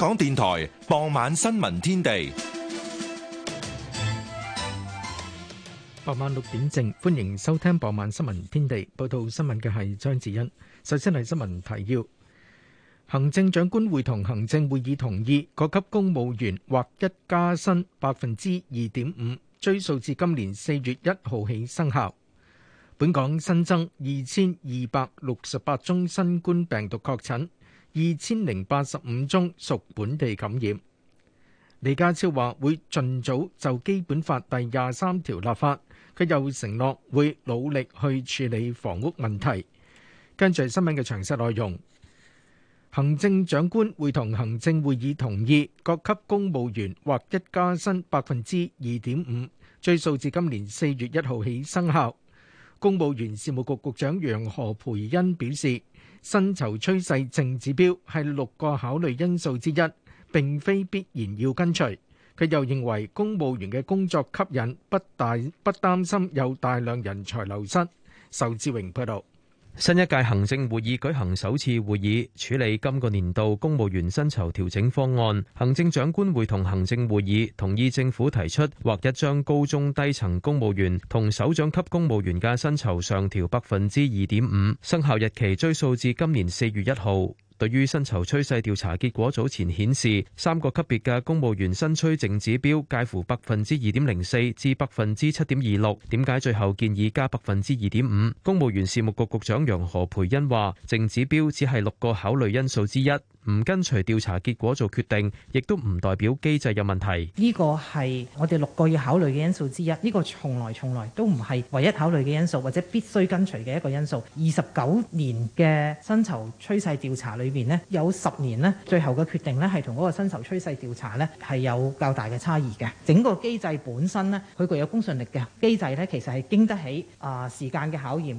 香港電台傍晚新聞天地，傍晚六點正，歡迎收聽傍晚新聞天地。報道新聞嘅係張子欣。首先係新聞提要：行政長官會同行政會議同意，各級公務員或一加薪百分之二點五，追溯至今年四月一號起生效。本港新增二千二百六十八宗新冠病毒確診。二千零八十五宗屬本地感染。李家超話會盡早就《基本法》第廿三條立法。佢又承諾會努力去處理房屋問題。跟住新聞嘅詳細內容，行政長官會同行政會議同意各級公務員劃一加薪百分之二點五，追溯至今年四月一號起生效。公務員事務局局長楊何蓓茵表示。薪酬趨勢正指標係六個考慮因素之一，並非必然要跟隨。佢又認為公務員嘅工作吸引不大，不擔心有大量人才流失。仇志榮報道。新一屆行政會議舉行首次會議，處理今個年度公務員薪酬調整方案。行政長官會同行政會議同意政府提出，劃一將高中低層公務員同首長級公務員嘅薪酬上調百分之二點五，生效日期追溯至今年四月一號。對於薪酬趨勢調查結果早前顯示，三個級別嘅公務員薪趨淨指標介乎百分之二點零四至百分之七點二六。點解最後建議加百分之二點五？公務員事務局局，局長楊何蓓茵話：淨指標只係六個考慮因素之一。唔跟隨調查結果做決定，亦都唔代表機制有問題。呢個係我哋六個要考慮嘅因素之一。呢個從來從來都唔係唯一考慮嘅因素，或者必須跟隨嘅一個因素。二十九年嘅薪酬趨勢調查裏邊咧，有十年咧，最後嘅決定咧係同嗰個薪酬趨勢調查咧係有較大嘅差異嘅。整個機制本身咧，佢具有公信力嘅機制咧，其實係經得起啊、呃、時間嘅考驗。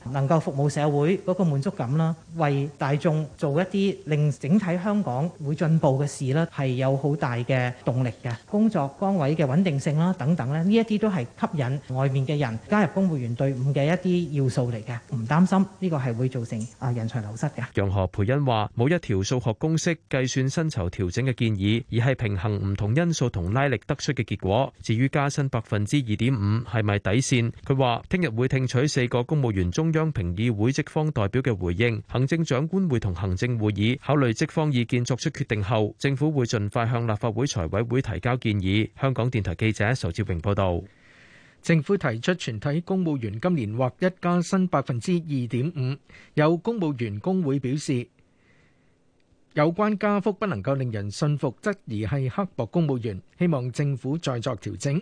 能夠服務社會嗰個滿足感啦，為大眾做一啲令整體香港會進步嘅事啦，係有好大嘅動力嘅。工作崗位嘅穩定性啦，等等咧，呢一啲都係吸引外面嘅人加入公務員隊伍嘅一啲要素嚟嘅。唔擔心呢個係會造成啊人才流失嘅。楊何蓓茵話：冇一條數學公式計算薪酬調整嘅建議，而係平衡唔同因素同拉力得出嘅結果。至於加薪百分之二點五係咪底線，佢話聽日會聽取四個公務員中央評議會職方代表嘅回應。行政長官會同行政會議考慮職方意見，作出決定後，政府會盡快向立法會財委會提交建議。香港電台記者仇志榮報道，政府提出全體公務員今年或一加薪百分之二點五，有公務員工會表示有關加幅不能夠令人信服，質疑係刻薄公務員，希望政府再作調整。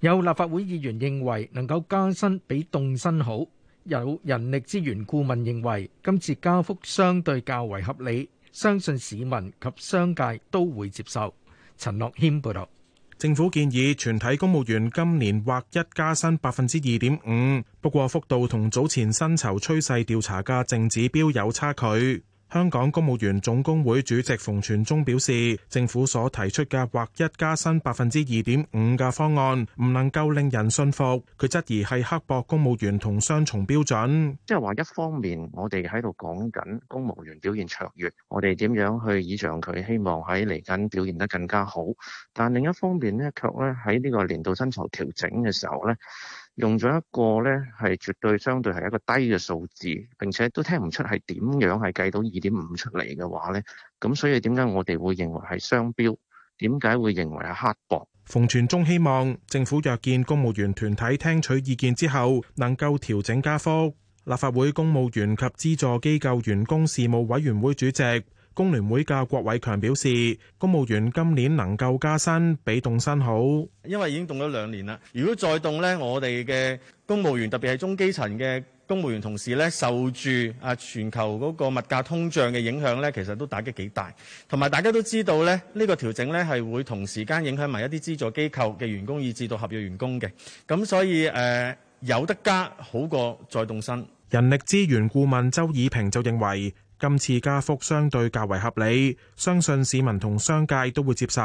有立法會議員認為能夠加薪比凍薪好。有人力資源顧問認為今次加幅相對較為合理，相信市民及商界都會接受。陳樂軒報道，政府建議全體公務員今年劃一加薪百分之二點五，不過幅度同早前薪酬趨勢調查嘅正指標有差距。香港公務員總工會主席馮傳宗表示，政府所提出嘅劃一加薪百分之二點五嘅方案唔能夠令人信服。佢質疑係刻薄公務員同雙重標準，即係話一方面我哋喺度講緊公務員表現卓越，我哋點樣去倚仗佢，希望喺嚟緊表現得更加好，但另一方面咧，卻咧喺呢個年度薪酬調整嘅時候呢。」用咗一個咧，係絕對相對係一個低嘅數字，並且都聽唔出係點樣係計到二點五出嚟嘅話咧，咁所以點解我哋會認為係雙標？點解會認為係黑幕？馮全忠希望政府約見公務員團體聽取意見之後，能夠調整加幅。立法會公務員及資助機構員工事務委員會主席，工聯會嘅郭偉強表示，公務員今年能夠加薪比凍薪好，因為已經凍咗兩年啦。如果再凍呢，我哋嘅公務員，特別係中基層嘅公務員同事呢，受住啊全球嗰個物價通脹嘅影響呢，其實都打擊幾大。同埋大家都知道呢，呢、呢個調整呢係會同時間影響埋一啲資助機構嘅員工以至到合約員工嘅。咁所以誒、呃、有得加好過再凍薪。人力資源顧問周以平就認為。今次加幅相對較為合理，相信市民同商界都會接受。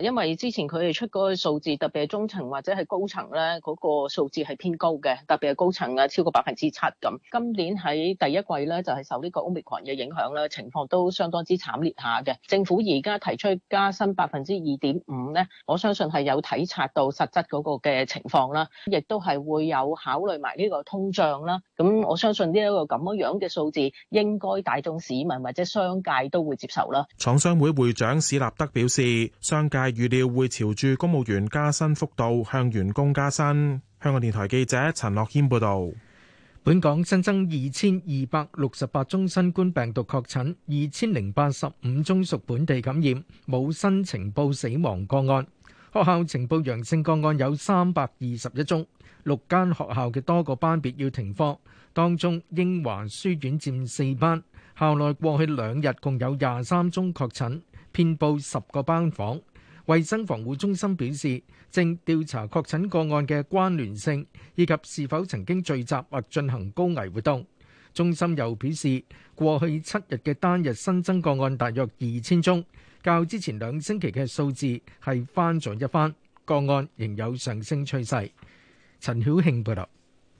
因為之前佢哋出嗰個數字，特別係中層或者係高層咧，嗰個數字係偏高嘅，特別係高層啊超過百分之七咁。今年喺第一季咧就係受呢個 Omicron 嘅影響咧，情況都相當之慘烈下嘅。政府而家提出加薪百分之二點五咧，我相信係有體察到實質嗰個嘅情況啦，亦都係會有考慮埋呢個通脹啦。咁我相信呢一個咁樣樣嘅數字應該大眾，市民或者商界都會接受啦。廠商會會長史立德表示，商界預料會朝住公務員加薪幅度向員工加薪。香港電台記者陳樂謙報道。本港新增二千二百六十八宗新冠病毒確診，二千零八十五宗屬本地感染，冇新情報死亡個案。學校情報陽性個案有三百二十一宗，六間學校嘅多個班別要停課，當中英華書院佔四班。校內過去兩日共有廿三宗確診，遍布十個班房。衞生防護中心表示，正調查確診個案嘅關聯性，以及是否曾經聚集或進行高危活動。中心又表示，過去七日嘅單日新增個案大約二千宗，較之前兩星期嘅數字係翻咗一番，個案仍有上升趨勢。陳曉慶報道。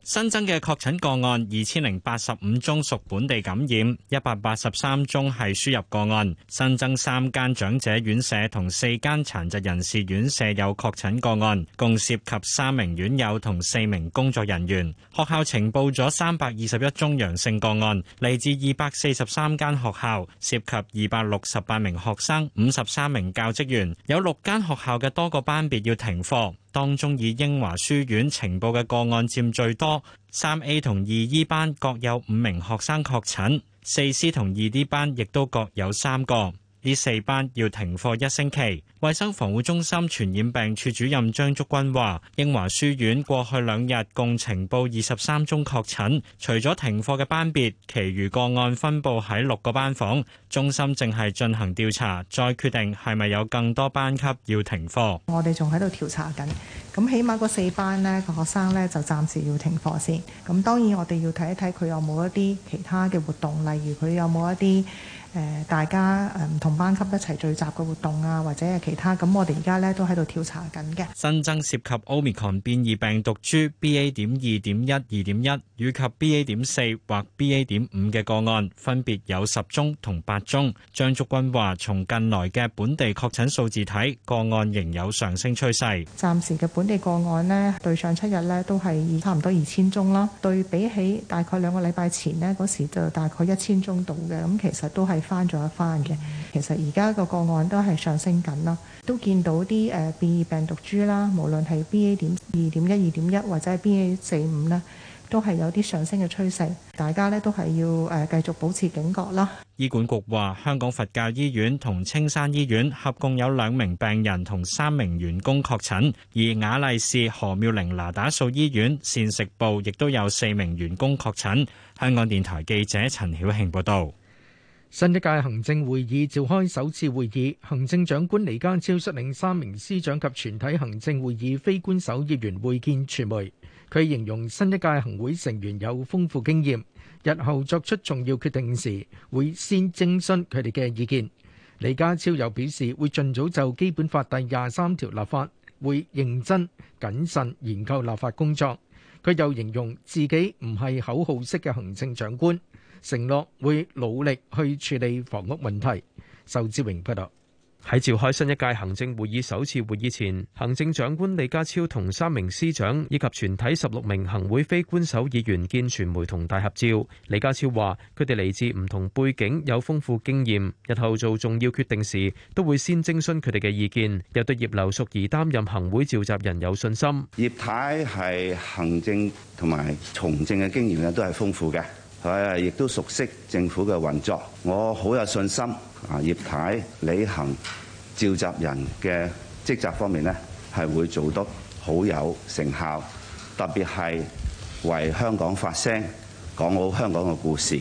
新增嘅確診個案二千零八十五宗屬本地感染，一百八十三宗係輸入個案。新增三間長者院舍同四間殘疾人士院舍有確診個案，共涉及三名院友同四名工作人員。學校呈報咗三百二十一宗陽性個案，嚟自二百四十三間學校，涉及二百六十八名學生、五十三名教職員，有六間學校嘅多個班別要停課。當中以英華書院情報嘅個案占最多，三 A 同二 E 班各有五名學生確診，四 C 同二 D 班亦都各有三個。呢四班要停課一星期。衛生防護中心傳染病處主任張竹君話，英華書院過去兩日共呈報二十三宗確診，除咗停課嘅班別，其餘個案分布喺六個班房。中心正係進行調查，再決定係咪有更多班級要停課。我哋仲喺度調查緊，咁起碼嗰四班咧，個學生咧就暫時要停課先。咁當然我哋要睇一睇佢有冇一啲其他嘅活動，例如佢有冇一啲。誒大家唔同班級一齊聚集嘅活動啊，或者係其他咁，我哋而家咧都喺度調查緊嘅。新增涉及 Omicron 變異病毒株 BA. 點二點一二點一以及 BA. 點四或 BA. 點五嘅個案，分別有十宗同八宗。張竹君話：從近來嘅本地確診數字睇，個案仍有上升趨勢。暫時嘅本地個案呢，對上七日呢都係差唔多二千宗啦。對比起大概兩個禮拜前呢，嗰時就大概一千宗度嘅，咁其實都係。翻咗一翻嘅，其實而家個個案都係上升緊啦，都見到啲誒變異病毒株啦，無論係 B A 點二點一二點一或者係 B A 四五咧，都係有啲上升嘅趨勢。大家呢都係要誒繼續保持警覺啦。醫管局話，香港佛教醫院同青山醫院合共有兩名病人同三名員工確診，而雅麗士何妙齡拿打素醫院膳食部亦都有四名員工確診。香港電台記者陳曉慶報道。新一屆行政會議召開首次會議，行政長官李家超率領三名司長及全體行政會議非官守議員會見傳媒。佢形容新一屆行會成員有豐富經驗，日後作出重要決定時會先徵詢佢哋嘅意見。李家超又表示會盡早就《基本法》第廿三條立法，會認真謹慎研究立法工作。佢又形容自己唔係口號式嘅行政長官。承諾會努力去處理房屋問題。仇志榮報道，喺召開新一屆行政會議首次會議前，行政長官李家超同三名司長以及全體十六名行會非官守議員見傳媒同大合照。李家超話：佢哋嚟自唔同背景，有豐富經驗，日後做重要決定時都會先徵詢佢哋嘅意見。又對葉劉淑儀擔任行會召集人有信心。葉太係行政同埋從政嘅經驗咧，都係豐富嘅。係，亦都熟悉政府嘅運作，我好有信心。啊，葉太、履行、召集人嘅職責方面咧，係會做得好有成效，特別係為香港發聲，講好香港嘅故事。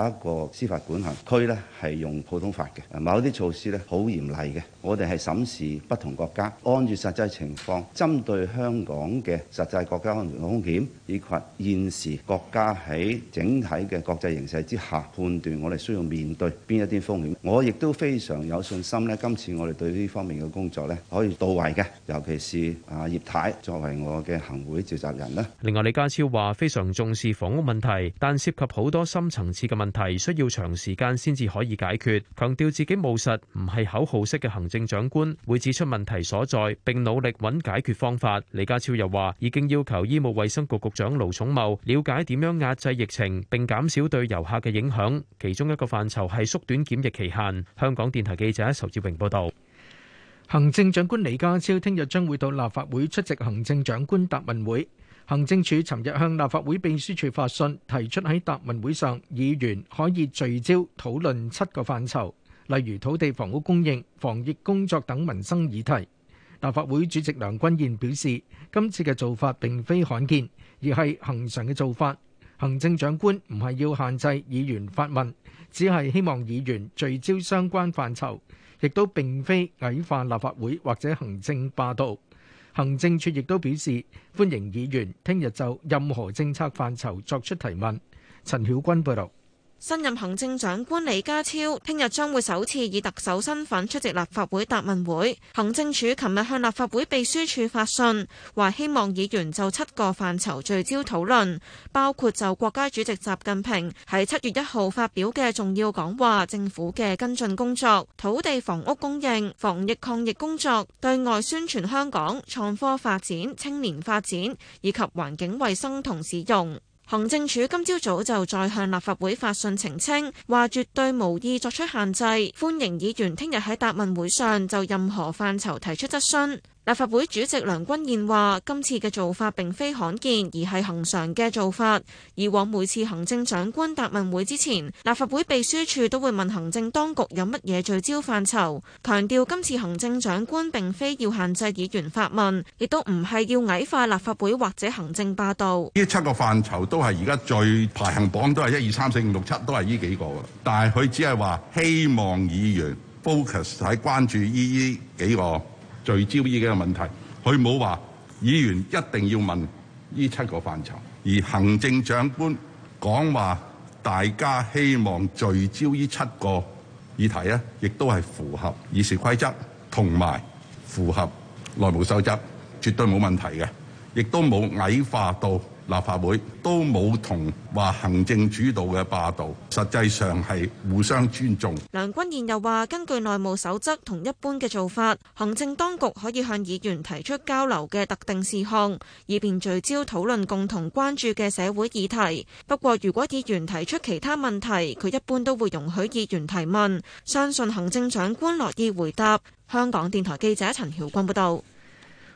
一個司法管轄區咧，係用普通法嘅。某啲措施咧，好嚴厲嘅。我哋係審視不同國家，按住實際情況針對香港嘅實際國家安全風險，以及現時國家喺整體嘅國際形勢之下，判斷我哋需要面對邊一啲風險，我亦都非常有信心咧，今次我哋對呢方面嘅工作咧，可以到位嘅。尤其是啊葉太作為我嘅行會召集人咧。另外，李家超話非常重視房屋問題，但涉及好多深層次嘅問題。題需要長時間先至可以解決，強調自己務實，唔係口號式嘅行政長官，會指出問題所在，並努力揾解決方法。李家超又話，已經要求醫務衛生局局長盧寵茂了解點樣壓制疫情，並減少對遊客嘅影響。其中一個範疇係縮短檢疫期限。香港電台記者仇志榮報道。行政長官李家超聽日將會到立法會出席行政長官答問會。行政署尋日向立法會秘書處發信，提出喺答問會上，議員可以聚焦討論七個範疇，例如土地、房屋供應、防疫工作等民生議題。立法會主席梁君彥表示，今次嘅做法並非罕見，而係恆常嘅做法。行政長官唔係要限制議員發問，只係希望議員聚焦相關範疇，亦都並非矮化立法會或者行政霸道。行政處亦都表示歡迎議員聽日就任何政策範疇作出提問。陳曉君報道。新任行政長官李家超聽日將會首次以特首身份出席立法會答問會。行政署琴日向立法會秘書處發信，話希望議員就七個範疇聚焦討論，包括就國家主席習近平喺七月一號發表嘅重要講話，政府嘅跟進工作、土地房屋供應、防疫抗疫工作、對外宣傳香港、創科發展、青年發展以及環境衛生同使用。行政署今朝早就再向立法會發信澄清，話絕對無意作出限制，歡迎議員聽日喺答問會上就任何範疇提出質詢。立法會主席梁君彥話：今次嘅做法並非罕見，而係恒常嘅做法。以往每次行政長官答問會之前，立法會秘書處都會問行政當局有乜嘢聚焦範疇，強調今次行政長官並非要限制議員發問，亦都唔係要矮化立法會或者行政霸道。呢七個範疇都係而家最排行榜，都係一二三四五六七，都係呢幾個噶。但係佢只係話希望議員 focus 喺關注呢呢幾個。聚焦呢幾個問題，佢冇話議員一定要問呢七個範疇，而行政長官講話，大家希望聚焦呢七個議題咧，亦都係符合議事規則同埋符合內部守則，絕對冇問題嘅，亦都冇矮化到。立法會都冇同話行政主導嘅霸道，實際上係互相尊重。梁君彥又話：根據內務守則同一般嘅做法，行政當局可以向議員提出交流嘅特定事項，以便聚焦討論共同關注嘅社會議題。不過，如果議員提出其他問題，佢一般都會容許議員提問，相信行政長官樂意回答。香港電台記者陳曉君報道。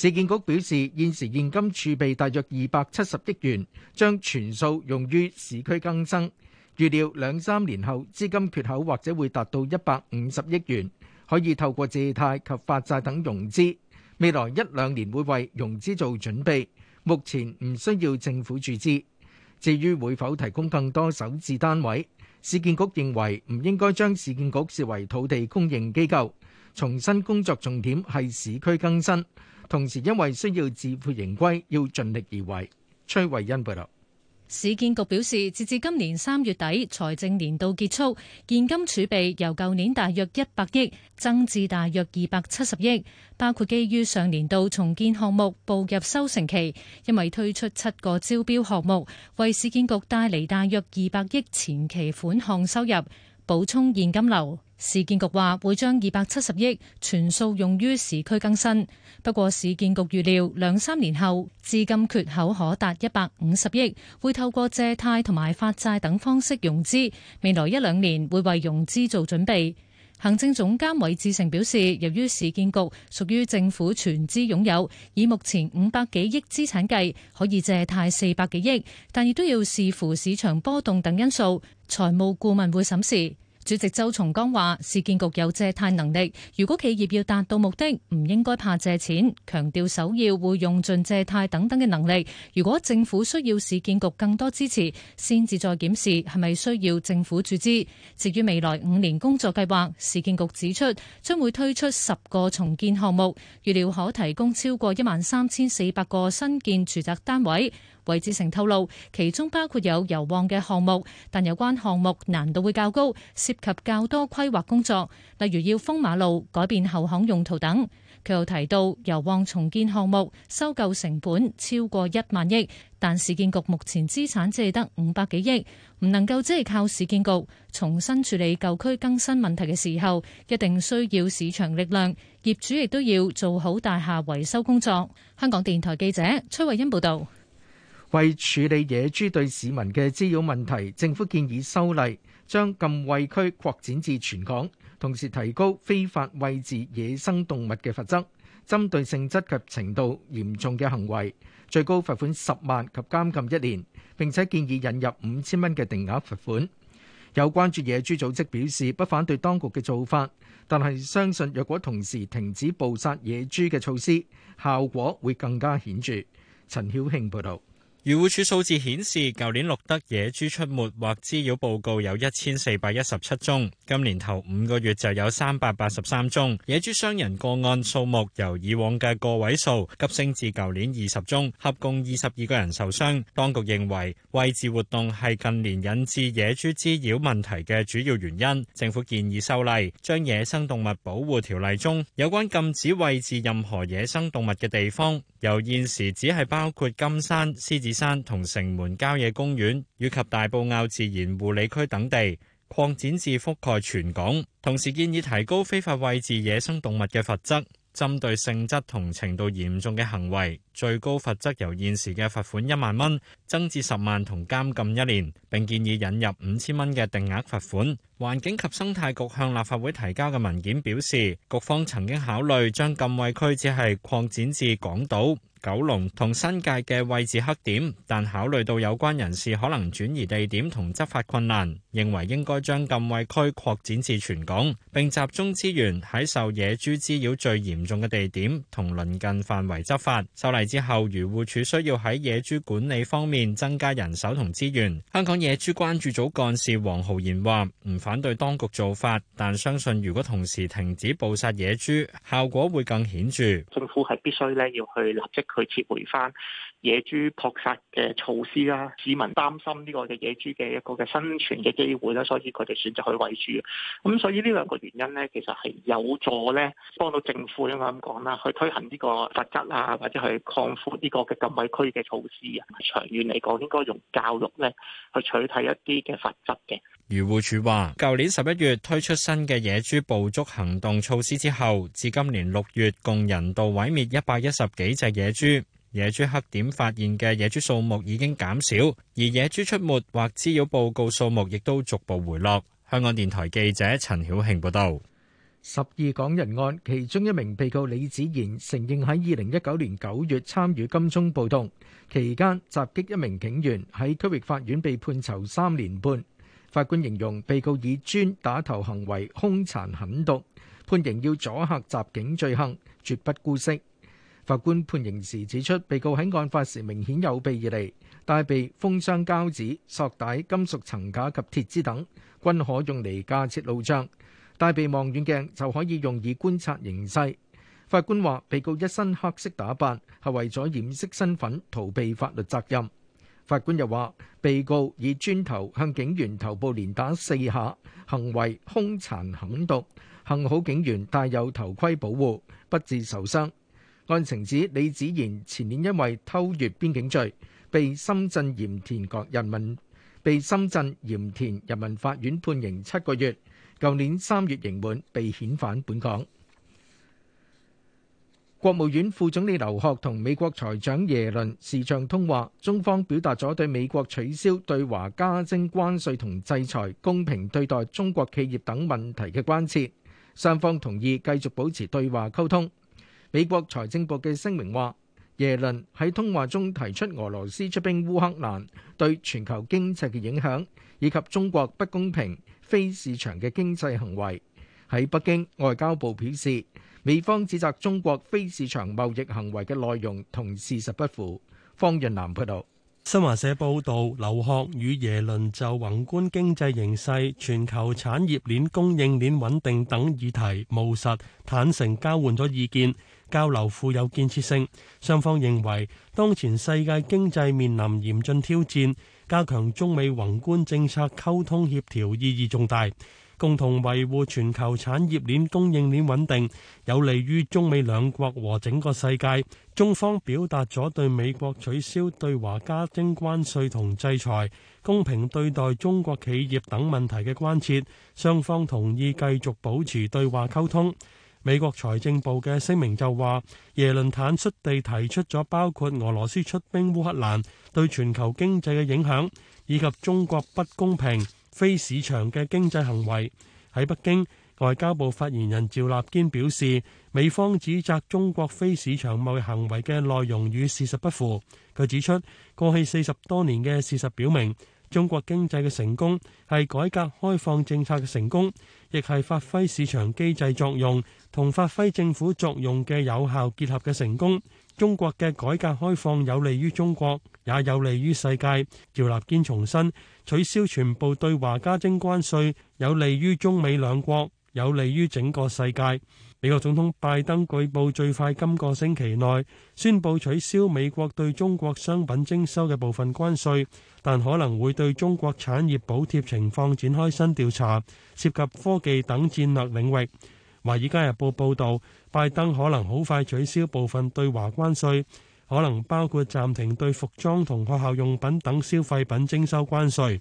市建局表示，現時現金儲備大約二百七十億元，將全數用於市區更新。預料兩三年後資金缺口或者會達到一百五十億元，可以透過借貸及發債等融資。未來一兩年會為融資做準備，目前唔需要政府注資。至於會否提供更多首置單位，市建局認為唔應該將市建局視為土地供應機構，重新工作重點係市區更新。同時，因為需要自負盈虧，要盡力而為。崔慧欣報道，市建局表示，截至今年三月底，財政年度結束，現金儲備由舊年大約一百億增至大約二百七十億，包括基於上年度重建項目步入收成期，因為推出七個招標項目，為市建局帶嚟大約二百億前期款項收入，補充現金流。市建局話會將二百七十億全數用於市區更新，不過市建局預料兩三年後資金缺口可達一百五十億，會透過借貸同埋發債等方式融資。未來一兩年會為融資做準備。行政總監韋志成表示，由於市建局屬於政府全資擁有，以目前五百幾億資產計，可以借貸四百幾億，但亦都要視乎市場波動等因素，財務顧問會審視。主席周松崗話市建局有借貸能力，如果企業要達到目的，唔應該怕借錢，強調首要會用盡借貸等等嘅能力。如果政府需要市建局更多支持，先至再檢視係咪需要政府注資。至於未來五年工作計劃，市建局指出將會推出十個重建項目，預料可提供超過一萬三千四百個新建住宅單位。韋志成透露，其中包括有油旺嘅項目，但有關項目難度會較高，涉及較多規劃工作，例如要封馬路、改變後巷用途等。佢又提到，油旺重建項目收購成本超過一萬億，但市建局目前資產只得五百幾億，唔能夠只係靠市建局重新處理舊區更新問題嘅時候，一定需要市場力量，業主亦都要做好大廈維修工作。香港電台記者崔慧欣報道。為處理野豬對市民嘅滋擾問題，政府建議修例，將禁餵區擴展至全港，同時提高非法餵飼野生動物嘅罰則，針對性質及程度嚴重嘅行為，最高罰款十萬及監禁一年。並且建議引入五千蚊嘅定額罰款。有關注野豬組織表示不反對當局嘅做法，但係相信若果同時停止捕殺野豬嘅措施，效果會更加顯著。陳曉慶報道。漁護署數字顯示，舊年錄得野豬出沒或滋擾報告有一千四百一十七宗，今年頭五個月就有三百八十三宗野豬傷人個案，數目由以往嘅個位數急升至舊年二十宗，合共二十二個人受傷。當局認為，餵飼活動係近年引致野豬滋擾問題嘅主要原因。政府建議修例，將《野生動物保護條例》中有關禁止餵飼任何野生動物嘅地方，由現時只係包括金山獅子山同城門郊野公園以及大埔坳自然護理區等地擴展至覆蓋全港，同時建議提高非法餵飼野生動物嘅罰則針對性質同程度嚴重嘅行為，最高罰則由現時嘅罰款一萬蚊增至十萬同監禁一年。並建議引入五千蚊嘅定額罰款。環境及生態局向立法會提交嘅文件表示，局方曾經考慮將禁喂區只係擴展至港島。九龍同新界嘅位置黑點，但考慮到有關人士可能轉移地點同執法困難，認為應該將禁餵區擴展至全港，並集中資源喺受野豬滋擾最嚴重嘅地點同鄰近範圍執法。修例之後，漁護署需要喺野豬管理方面增加人手同資源。香港野豬關注組幹事黃浩然話：唔反對當局做法，但相信如果同時停止捕殺野豬，效果會更顯著。政府係必須咧要去立即。去撤回翻野豬撲殺嘅措施啦，市民擔心呢個嘅野豬嘅一個嘅生存嘅機會啦，所以佢哋選擇去餵豬。咁所以呢兩個原因呢，其實係有助咧幫到政府應該咁講啦，去推行呢個罰則啊，或者去擴寬呢個嘅禁位區嘅措施。長遠嚟講，應該用教育咧去取締一啲嘅罰則嘅。漁護署話，舊年十一月推出新嘅野豬捕捉行動措施之後，至今年六月共人道毀滅一百一十幾隻野豬。豬野豬黑點發現嘅野豬數目已經減少，而野豬出沒或滋擾報告數目亦都逐步回落。香港電台記者陳曉慶報道。十二港人案其中一名被告李子賢承認喺二零一九年九月參與金鐘暴動期間襲擊一名警員，喺區域法院被判囚三年半。法官形容被告以磚打頭行為兇殘狠毒，判刑要阻嚇襲警罪行，絕不姑息。法官判刑時指出，被告喺案發時明顯有備而嚟，帶備封箱膠紙、索帶、金屬層架及鐵枝等，均可用嚟架設路障。帶備望遠鏡就可以用以觀察形勢。法官話：被告一身黑色打扮，係為咗掩飾身份，逃避法律責任。法官又話，被告以磚頭向警員頭部連打四下，行為兇殘狠毒。幸好警員帶有頭盔保護，不致受傷。案情指李子言前年因為偷越邊境罪，被深圳鹽田國人民被深圳鹽田人民法院判刑七個月，舊年三月刑滿被遣返本港。國務院副總理劉鶴同美國財長耶倫視像通話，中方表達咗對美國取消對華加徵關稅同制裁、公平對待中國企業等問題嘅關切，雙方同意繼續保持對話溝通。美國財政部嘅聲明話，耶倫喺通話中提出俄羅斯出兵烏克蘭對全球經濟嘅影響，以及中國不公平、非市場嘅經濟行為。喺北京外交部表示，美方指責中國非市場貿易行為嘅內容同事實不符。方潤南報道，新華社報道，劉鶴與耶倫就宏觀經濟形勢、全球產業鏈供應鏈穩定等議題務實坦誠交換咗意見。交流富有建設性，雙方認為當前世界經濟面臨嚴峻挑戰，加強中美宏觀政策溝通協調意義重大，共同維護全球產業鏈供應鏈穩定，有利於中美兩國和整個世界。中方表達咗對美國取消對華加徵關稅同制裁、公平對待中國企業等問題嘅關切，雙方同意繼續保持對話溝通。美國財政部嘅聲明就話，耶倫坦率地提出咗包括俄羅斯出兵烏克蘭對全球經濟嘅影響，以及中國不公平、非市場嘅經濟行為。喺北京，外交部發言人趙立堅表示，美方指責中國非市場貿易行為嘅內容與事實不符。佢指出，過去四十多年嘅事實表明，中國經濟嘅成功係改革開放政策嘅成功，亦係發揮市場機制作用同發揮政府作用嘅有效結合嘅成功。中國嘅改革開放有利於中國，也有利於世界。趙立堅重申，取消全部對華加徵關稅，有利於中美兩國，有利於整個世界。美國總統拜登據報最快今個星期內宣佈取消美國對中國商品徵收嘅部分關稅，但可能會對中國產業補貼情況展開新調查，涉及科技等戰略領域。《華爾街日報》報道，拜登可能好快取消部分對華關稅，可能包括暫停對服裝同學校用品等消費品徵收關稅。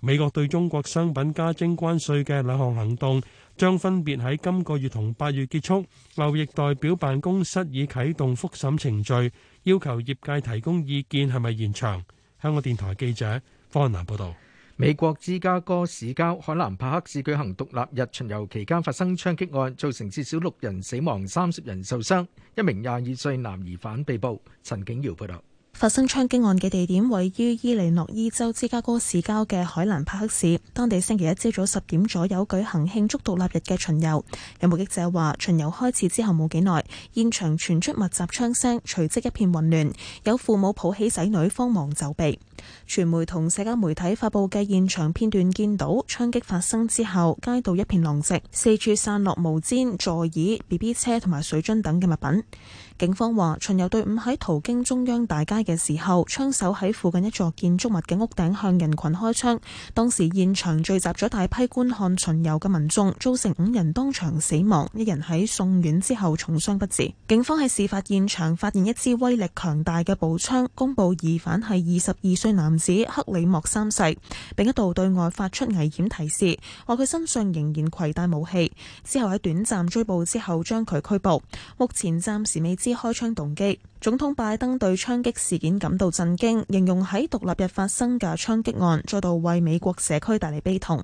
美國對中國商品加徵關稅嘅兩項行動將分別喺今個月同八月結束。貿易代表辦公室已啟動覆審程序，要求業界提供意見，係咪延長？香港電台記者方南報道。美國芝加哥市郊海蘭帕克市舉行獨立日巡遊期間發生槍擊案，造成至少六人死亡、三十人受傷，一名廿二歲男疑犯被捕。陳景瑤報道。發生槍擊案嘅地點位於伊利諾伊州芝加哥市郊嘅海蘭帕克市，當地星期一朝早十點左右舉行慶祝獨立日嘅巡遊。有目擊者話，巡遊開始之後冇幾耐，現場傳出密集槍聲，隨即一片混亂，有父母抱起仔女慌忙走避。傳媒同社交媒體發佈嘅現場片段見到，槍擊發生之後，街道一片狼藉，四處散落毛氈、座椅、BB 車同埋水樽等嘅物品。警方話巡遊隊伍喺途經中央大街嘅時候，槍手喺附近一座建築物嘅屋頂向人群開槍。當時現場聚集咗大批觀看巡遊嘅民眾，造成五人當場死亡，一人喺送院之後重傷不治。警方喺事發現場發現一支威力強大嘅步槍，公布疑犯係二十二歲男子克里莫三世，並一度對外發出危險提示，話佢身上仍然攜帶武器。之後喺短暫追捕之後將佢拘捕。目前暫時未啲開槍動機，總統拜登對槍擊事件感到震驚，形容喺獨立日發生嘅槍擊案再度為美國社區帶嚟悲痛。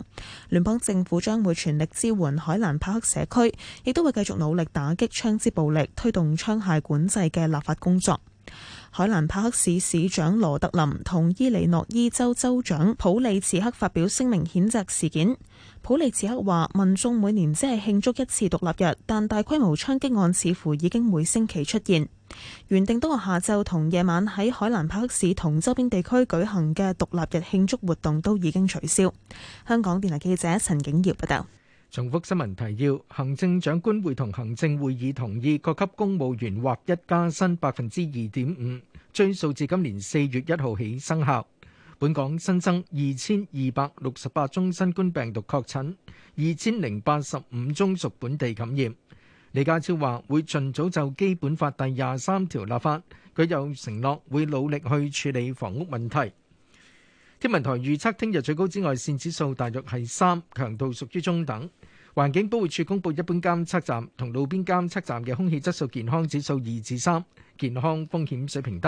聯邦政府將會全力支援海蘭帕克社區，亦都會繼續努力打擊槍支暴力，推動槍械管制嘅立法工作。海南帕克市市長羅特林同伊利諾伊州州長普利茨克發表聲明譴責事件。普利茨克話：民眾每年只係慶祝一次獨立日，但大規模槍擊案似乎已經每星期出現。原定多個下晝同夜晚喺海南帕克市同周邊地區舉行嘅獨立日慶祝活動都已經取消。香港電台記者陳景耀報道。重複新聞提要：行政長官會同行政會議同意各級公務員劃一加薪百分之二點五，追溯至今年四月一號起生效。本港新增二千二百六十八宗新冠病毒確診，二千零八十五宗屬本地感染。李家超話會盡早就基本法第廿三條立法，佢又承諾會努力去處理房屋問題。天文台預測，聽日最高紫外線指數大約係三，強度屬於中等。環境保護署公佈，一般監測站同路邊監測站嘅空氣質素健康指數二至三，健康風險水平低。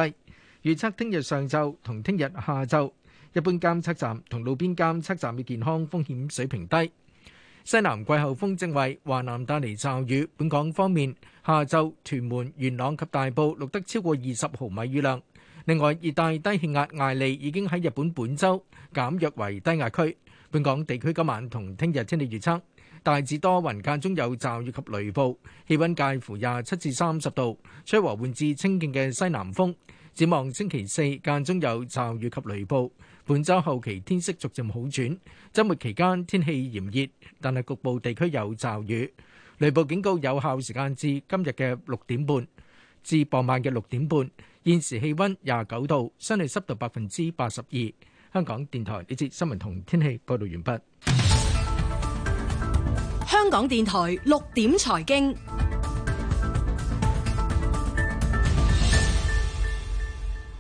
預測聽日上晝同聽日下晝，一般監測站同路邊監測站嘅健康風險水平低。西南季候風正為華南帶嚟驟雨，本港方面，下晝屯門、元朗及大埔錄得超過二十毫米雨量。另外，熱帶低氣壓艾利已經喺日本本州減弱為低壓區。本港地區今晚同聽日天氣預測，大致多雲，間中有驟雨及雷暴，氣温介乎廿七至三十度，吹和緩至清勁嘅西南風。展望星期四間中有驟雨及雷暴，本週後期天色逐漸好轉。週末期間天氣炎熱，但係局部地區有驟雨，雷暴警告有效時間至今日嘅六點半至傍晚嘅六點半。現時氣溫廿九度，相對濕度百分之八十二。香港電台呢節新聞同天氣報道完畢。香港電台六點財經，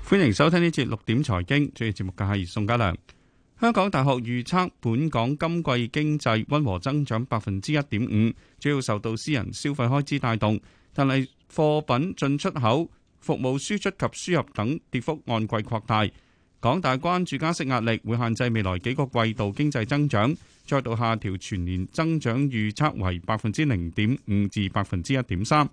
歡迎收聽呢節六點財經。主持節目嘅係宋家良。香港大學預測本港今季經濟溫和增長百分之一點五，主要受到私人消費開支帶動，但係貨品進出口，服務輸出及輸入等跌幅按季擴大。港大關注加息壓力會限制未來幾個季度經濟增長，再度下調全年增長預測為百分之零點五至百分之一點三。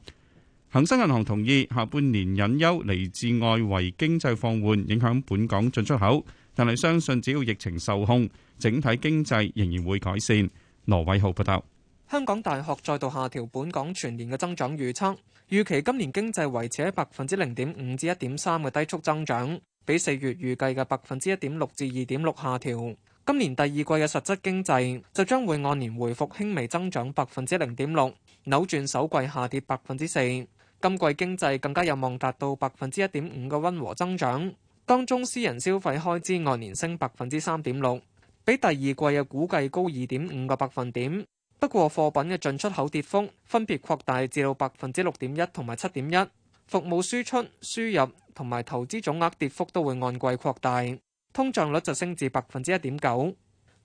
恒生銀行同意下半年隱憂嚟自外圍經濟放緩影響本港進出口，但係相信只要疫情受控，整體經濟仍然會改善。羅偉浩報道。香港大學再度下調本港全年嘅增長預測，預期今年經濟維持喺百分之零點五至一點三嘅低速增長，比四月預計嘅百分之一點六至二點六下調。今年第二季嘅實質經濟就將會按年回復輕微增長百分之零點六，扭轉首季下跌百分之四。今季經濟更加有望達到百分之一點五嘅溫和增長，當中私人消費開支按年升百分之三點六，比第二季嘅估計高二點五個百分點。不過貨品嘅進出口跌幅分別擴大至到百分之六點一，同埋七點一。服務輸出、輸入同埋投資總額跌幅都會按季擴大。通脹率就升至百分之一點九。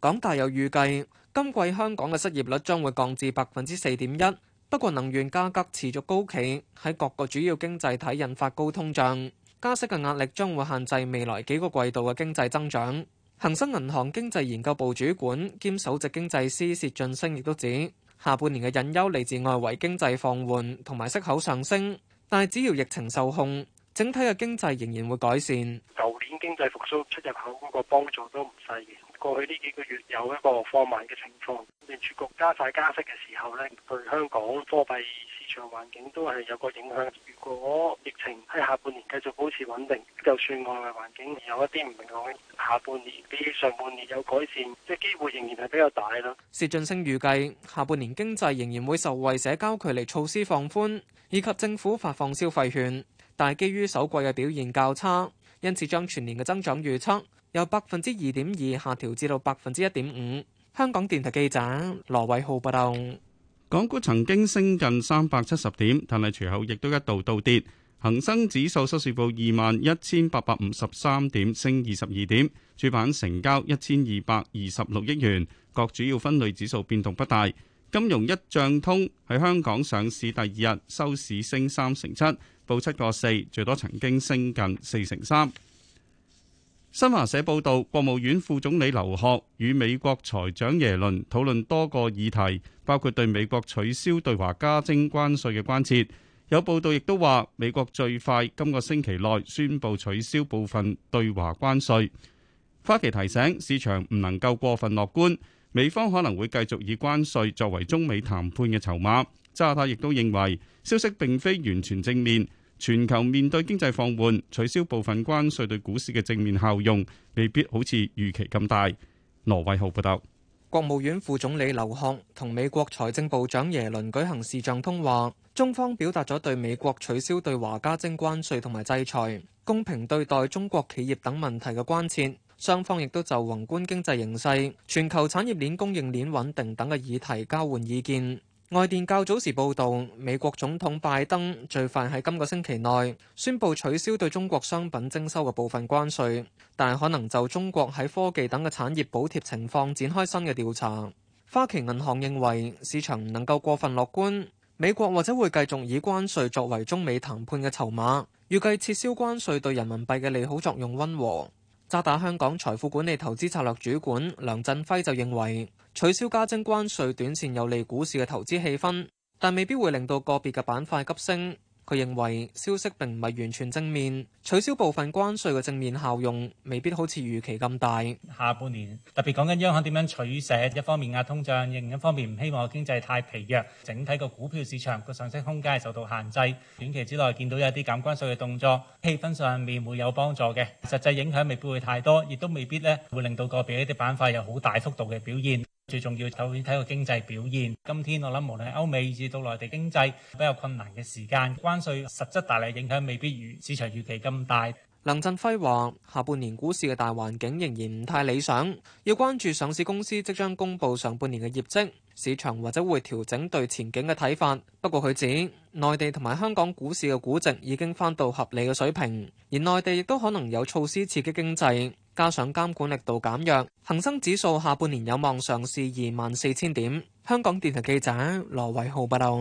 港大有預計，今季香港嘅失業率將會降至百分之四點一。不過能源價格持續高企，喺各個主要經濟體引發高通脹，加息嘅壓力將會限制未來幾個季度嘅經濟增長。恒生銀行經濟研究部主管兼首席經濟師薛俊升亦都指，下半年嘅隱憂嚟自外圍經濟放緩同埋息口上升，但係只要疫情受控，整體嘅經濟仍然會改善。舊年經濟復甦出入口嗰個幫助都唔細嘅。過去呢幾個月有一個放慢嘅情況，聯儲局加快加息嘅時候咧，對香港貨幣市場環境都係有個影響。如果疫情喺下半年繼續保持穩定，就算外圍環境有一啲唔明朗，下半年比上半年有改善，即係機會仍然係比較大啦。薛俊星預計下半年經濟仍然會受惠社交距離措施放寬，以及政府發放消費券，但係基於首季嘅表現較差，因此將全年嘅增長預測。由百分之二點二下調至到百分之一點五。香港電台記者羅偉浩報道，港股曾經升近三百七十點，但係隨後亦都一度倒跌。恒生指數收市報二萬一千八百五十三點，升二十二點。主板成交一千二百二十六億元，各主要分類指數變動不大。金融一賬通喺香港上市第二日，收市升三成七，報七個四，最多曾經升近四成三。新華社報道，國務院副總理劉鶴與美國財長耶倫討論多個議題，包括對美國取消對華加徵關稅嘅關切。有報道亦都話，美國最快今個星期內宣佈取消部分對華關稅。花旗提醒市場唔能夠過分樂觀，美方可能會繼續以關稅作為中美談判嘅籌碼。渣打亦都認為，消息並非完全正面。全球面對經濟放緩，取消部分關稅對股市嘅正面效用，未必好似預期咁大。羅偉浩報道，國務院副總理劉漢同美國財政部長耶倫舉行視像通話，中方表達咗對美國取消對華加徵關稅同埋制裁、公平對待中國企業等問題嘅關切，雙方亦都就宏觀經濟形勢、全球產業鏈供應鏈穩定等嘅議題交換意見。外電較早時，報導，美國總統拜登最快喺今個星期內宣布取消對中國商品徵收嘅部分關稅，但係可能就中國喺科技等嘅產業補貼情況展開新嘅調查。花旗銀行認為市場唔能夠過分樂觀，美國或者會繼續以關稅作為中美談判嘅籌碼，預計撤銷關稅對人民幣嘅利好作用温和。渣打香港財富管理投資策略主管梁振輝就認為，取消加徵關稅短線有利股市嘅投資氣氛，但未必會令到個別嘅板塊急升。佢認為消息並唔係完全正面，取消部分關稅嘅正面效用，未必好似預期咁大。下半年特別講緊央行點樣取捨，一方面壓通脹，另一方面唔希望經濟太疲弱。整體個股票市場個上升空間係受到限制。短期之內見到有啲減關稅嘅動作，氣氛上面會有幫助嘅，實際影響未必會太多，亦都未必咧會令到個別一啲板塊有好大幅度嘅表現。最重要，首先睇個經濟表現。今天我諗無論係歐美至到內地經濟比較困難嘅時間，關稅實質大力影響未必如市場預期咁大。梁振輝話：下半年股市嘅大環境仍然唔太理想，要關注上市公司即將公布上半年嘅業績，市場或者會調整對前景嘅睇法。不過佢指內地同埋香港股市嘅估值已經翻到合理嘅水平，而內地亦都可能有措施刺激經濟。加上監管力度減弱，恆生指數下半年有望上試二萬四千點。香港電台記者羅偉浩報導。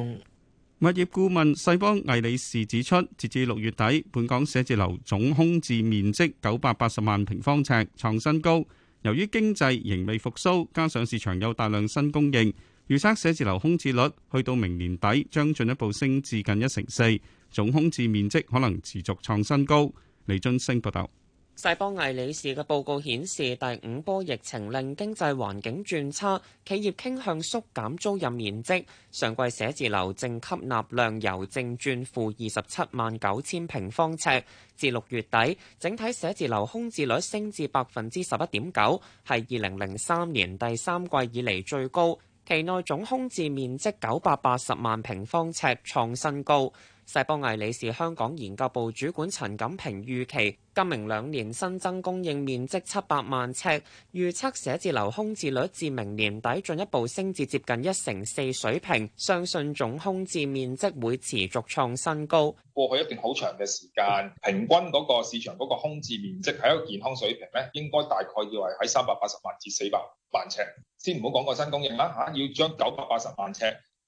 物業顧問世邦魏理仕指出，截至六月底，本港寫字樓總空置面積九百八十萬平方尺，創新高。由於經濟仍未復蘇，加上市場有大量新供應，預測寫字樓空置率去到明年底將進一步升至近一成四，總空置面積可能持續創新高。李津升報導。世邦魏理仕嘅報告顯示，第五波疫情令經濟環境轉差，企業傾向縮減租賃面積。上季寫字樓正吸納量由正轉負二十七萬九千平方尺，至六月底，整體寫字樓空置率升至百分之十一點九，係二零零三年第三季以嚟最高。期內總空置面積九百八十萬平方尺創新高。世邦魏理仕香港研究部主管陳錦平預期，今明兩年新增供應面積七百萬尺，預測寫字樓空置率至明年底進一步升至接近一成四水平，相信總空置面積會持續創新高。過去一段好長嘅時間，平均嗰個市場嗰個空置面積喺一個健康水平咧，應該大概要係喺三百八十萬至四百萬尺。先唔好講個新供應啦，嚇要將九百八十萬尺。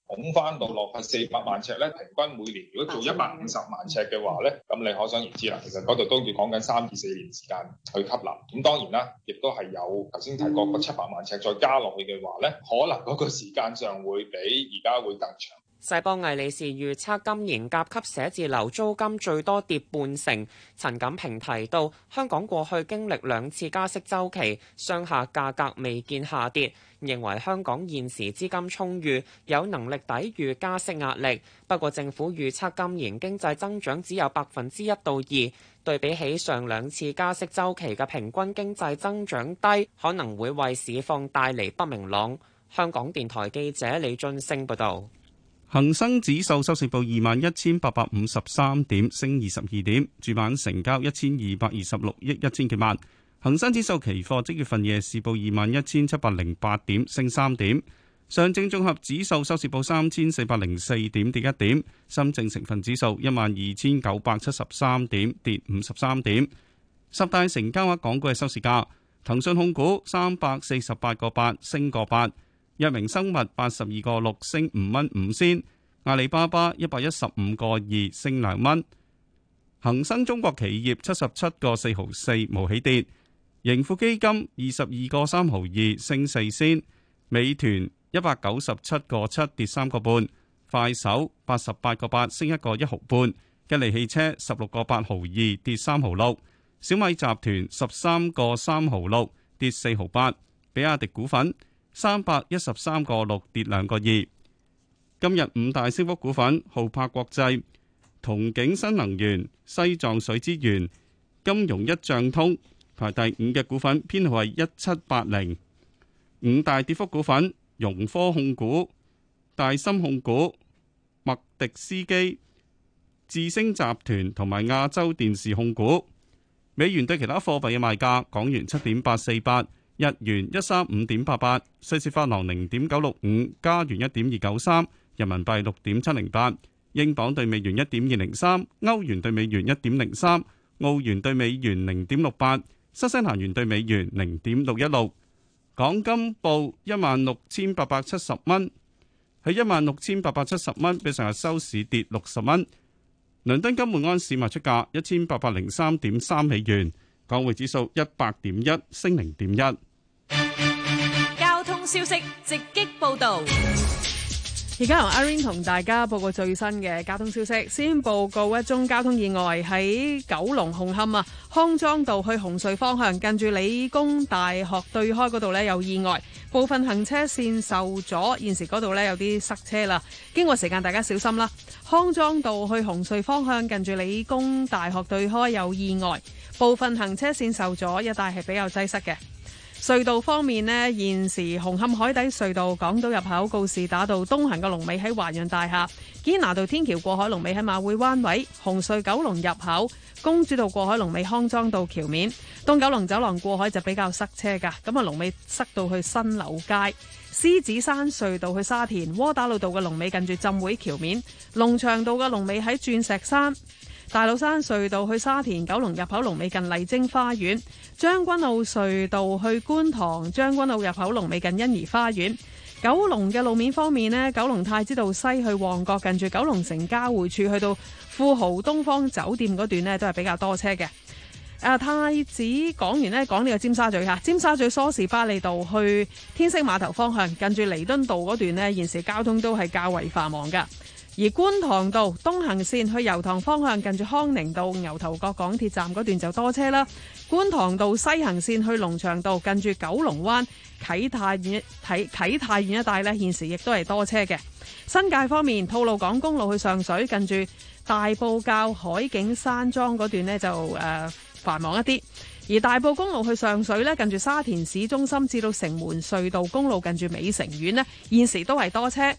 拱翻到落去四百萬尺咧，平均每年如果做一百五十萬尺嘅話咧，咁、嗯、你可想而知啦。其實嗰度都要講緊三至四年時間去吸納，咁當然啦，亦都係有頭先提過個七百萬尺再加落去嘅話咧，可能嗰個時間上會比而家會更長。世邦魏理仕預測，今年甲級寫字樓租金最多跌半成。陳錦平提到，香港過去經歷兩次加息周期，商下價格未見下跌，認為香港現時資金充裕，有能力抵禦加息壓力。不過，政府預測今年經濟增長只有百分之一到二，對比起上兩次加息周期嘅平均經濟增長低，可能會為市況帶嚟不明朗。香港電台記者李俊升報道。恒生指數收市報二萬一千八百五十三點，升二十二點。主板成交一千二百二十六億一千幾萬。恒生指數期貨即月份夜市報二萬一千七百零八點，升三點。上證綜合指數收市報三千四百零四點，跌一點。深證成分指數一萬二千九百七十三點，跌五十三點。十大成交額港股嘅收市價：騰訊控股三百四十八個八，升個八。藥明生物八十二個六升五蚊五仙，阿里巴巴一百一十五個二升兩蚊，恒生中國企業七十七個四毫四冇起跌，盈富基金二十二個三毫二升四仙，美團一百九十七個七跌三個半，快手八十八個八升一個一毫半，吉利汽車十六個八毫二跌三毫六，小米集團十三個三毫六跌四毫八，比亞迪股份。三百一十三個六跌兩個二。今日五大升幅股份：浩柏國際、同景新能源、西藏水資源、金融壹賬通，排第五嘅股份編號係一七八零。五大跌幅股份：融科控股、大森控股、麥迪斯基、智星集團同埋亞洲電視控股。美元對其他貨幣嘅賣價：港元七點八四八。日元一三五點八八，瑞士法郎零點九六五，加元一點二九三，人民幣六點七零八，英鎊兌美元一點二零三，歐元兌美元一點零三，澳元兌美元零點六八，新西蘭元兌美元零點六一六。港金報一萬六千八百七十蚊，喺一萬六千八百七十蚊，比上日收市跌六十蚊。倫敦金每安市賣出價一千八百零三點三美元，港匯指數一百點一升零點一。交通消息直擊報道，而家由阿 Rain 同大家報告最新嘅交通消息。先報告一宗交通意外喺九龍紅磡啊，康莊道去紅隧方向，近住理工大學對開嗰度呢有意外，部分行車線受阻，現時嗰度呢有啲塞車啦。經過時間，大家小心啦。康莊道去紅隧方向，近住理工大學對開有意外，部分行車線受阻，一帶係比較擠塞嘅。隧道方面呢，現時紅磡海底隧道港島入口告士打道東行嘅龍尾喺華潤大廈，堅拿道天橋過海龍尾喺馬會灣位，紅隧九龍入口公主道過海龍尾，康莊道橋面，東九龍走廊過海就比較塞車㗎，咁啊龍尾塞到去新樓街，獅子山隧道去沙田窩打老道嘅龍尾近住浸會橋面，龍翔道嘅龍尾喺鑽石山。大老山隧道去沙田九龍入口龍尾近麗晶花園，將軍澳隧道去觀塘將軍澳入口龍尾近欣怡花園。九龍嘅路面方面咧，九龍太子道西去旺角近住九龍城交匯處去到富豪東方酒店嗰段咧，都係比較多車嘅。啊，太子講完咧，講呢個尖沙咀吓，尖沙咀梳士巴利道去天星碼頭方向，近住彌敦道嗰段呢，現時交通都係較為繁忙嘅。而觀塘道東行線去油塘方向，近住康寧道牛頭角港鐵站嗰段就多車啦。觀塘道西行線去龍翔道，近住九龍灣啟泰苑啟啟泰苑一帶，呢，現時亦都係多車嘅。新界方面，吐露港公路去上水，近住大埔滘海景山莊嗰段呢，就誒、呃、繁忙一啲。而大埔公路去上水呢，近住沙田市中心至到城門隧道公路，近住美城苑呢，現時都係多車。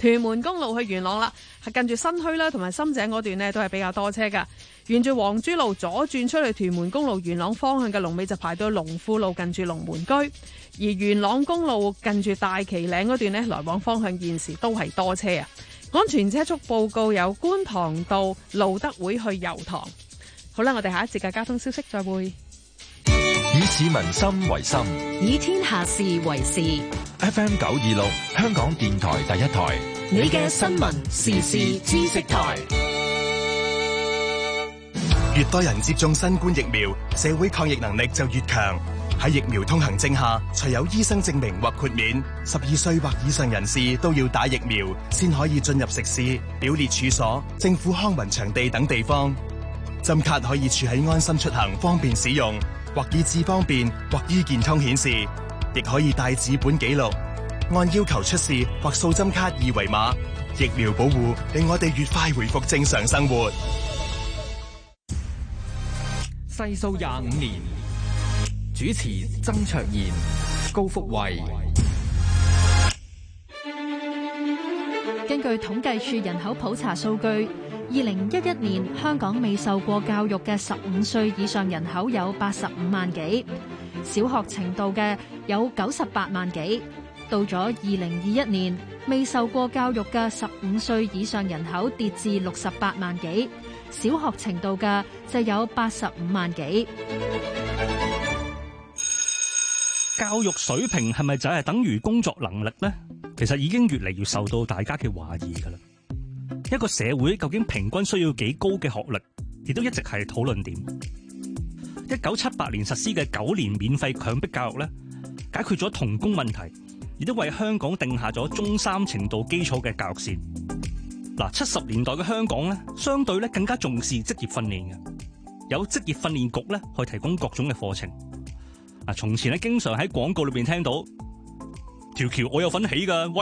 屯門公路去元朗啦，係近住新墟啦，同埋深井嗰段咧都係比較多車噶。沿住黃珠路左轉出去屯門公路元朗方向嘅龍尾就排到龍富路近住龍門居，而元朗公路近住大旗嶺嗰段咧來往方向現時都係多車啊！安全車速報告有觀塘道、路德會去油塘。好啦，我哋下一節嘅交通消息再會。以市民心為心，以天下事為事。F M 九二六，香港電台第一台，你嘅新聞時事知識台。越多人接種新冠疫苗，社會抗疫能力就越強。喺疫苗通行證下，除有醫生證明或豁免，十二歲或以上人士都要打疫苗，先可以進入食肆、表列處所、政府康文場地等地方。針卡可以處喺安心出行，方便使用。或以智方便，或醫健通顯示，亦可以帶紙本記錄，按要求出示或掃針卡二維碼，疫苗保護令我哋越快回復正常生活。細數廿五年，主持曾卓然、高福慧。根據統計處人口普查數據。2011年，香港未受過教育嘅15歲以上人口有85萬幾，小學程度嘅有98萬幾，到咗2021年，未受過教育嘅15歲以上人口跌至68萬幾，小學程度嘅就有85萬幾。教育水平係咪就係等於工作能力呢？其實已經越嚟越受到大家嘅懷疑㗎喇。一個社會究竟平均需要幾高嘅學歷，亦都一直係討論點。一九七八年實施嘅九年免費強迫教育咧，解決咗童工問題，亦都為香港定下咗中三程度基礎嘅教育線。嗱，七十年代嘅香港咧，相對咧更加重視職業訓練嘅，有職業訓練局咧去提供各種嘅課程。啊，從前咧經常喺廣告裏邊聽到條橋我有份起㗎。